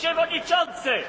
Przewodniczący!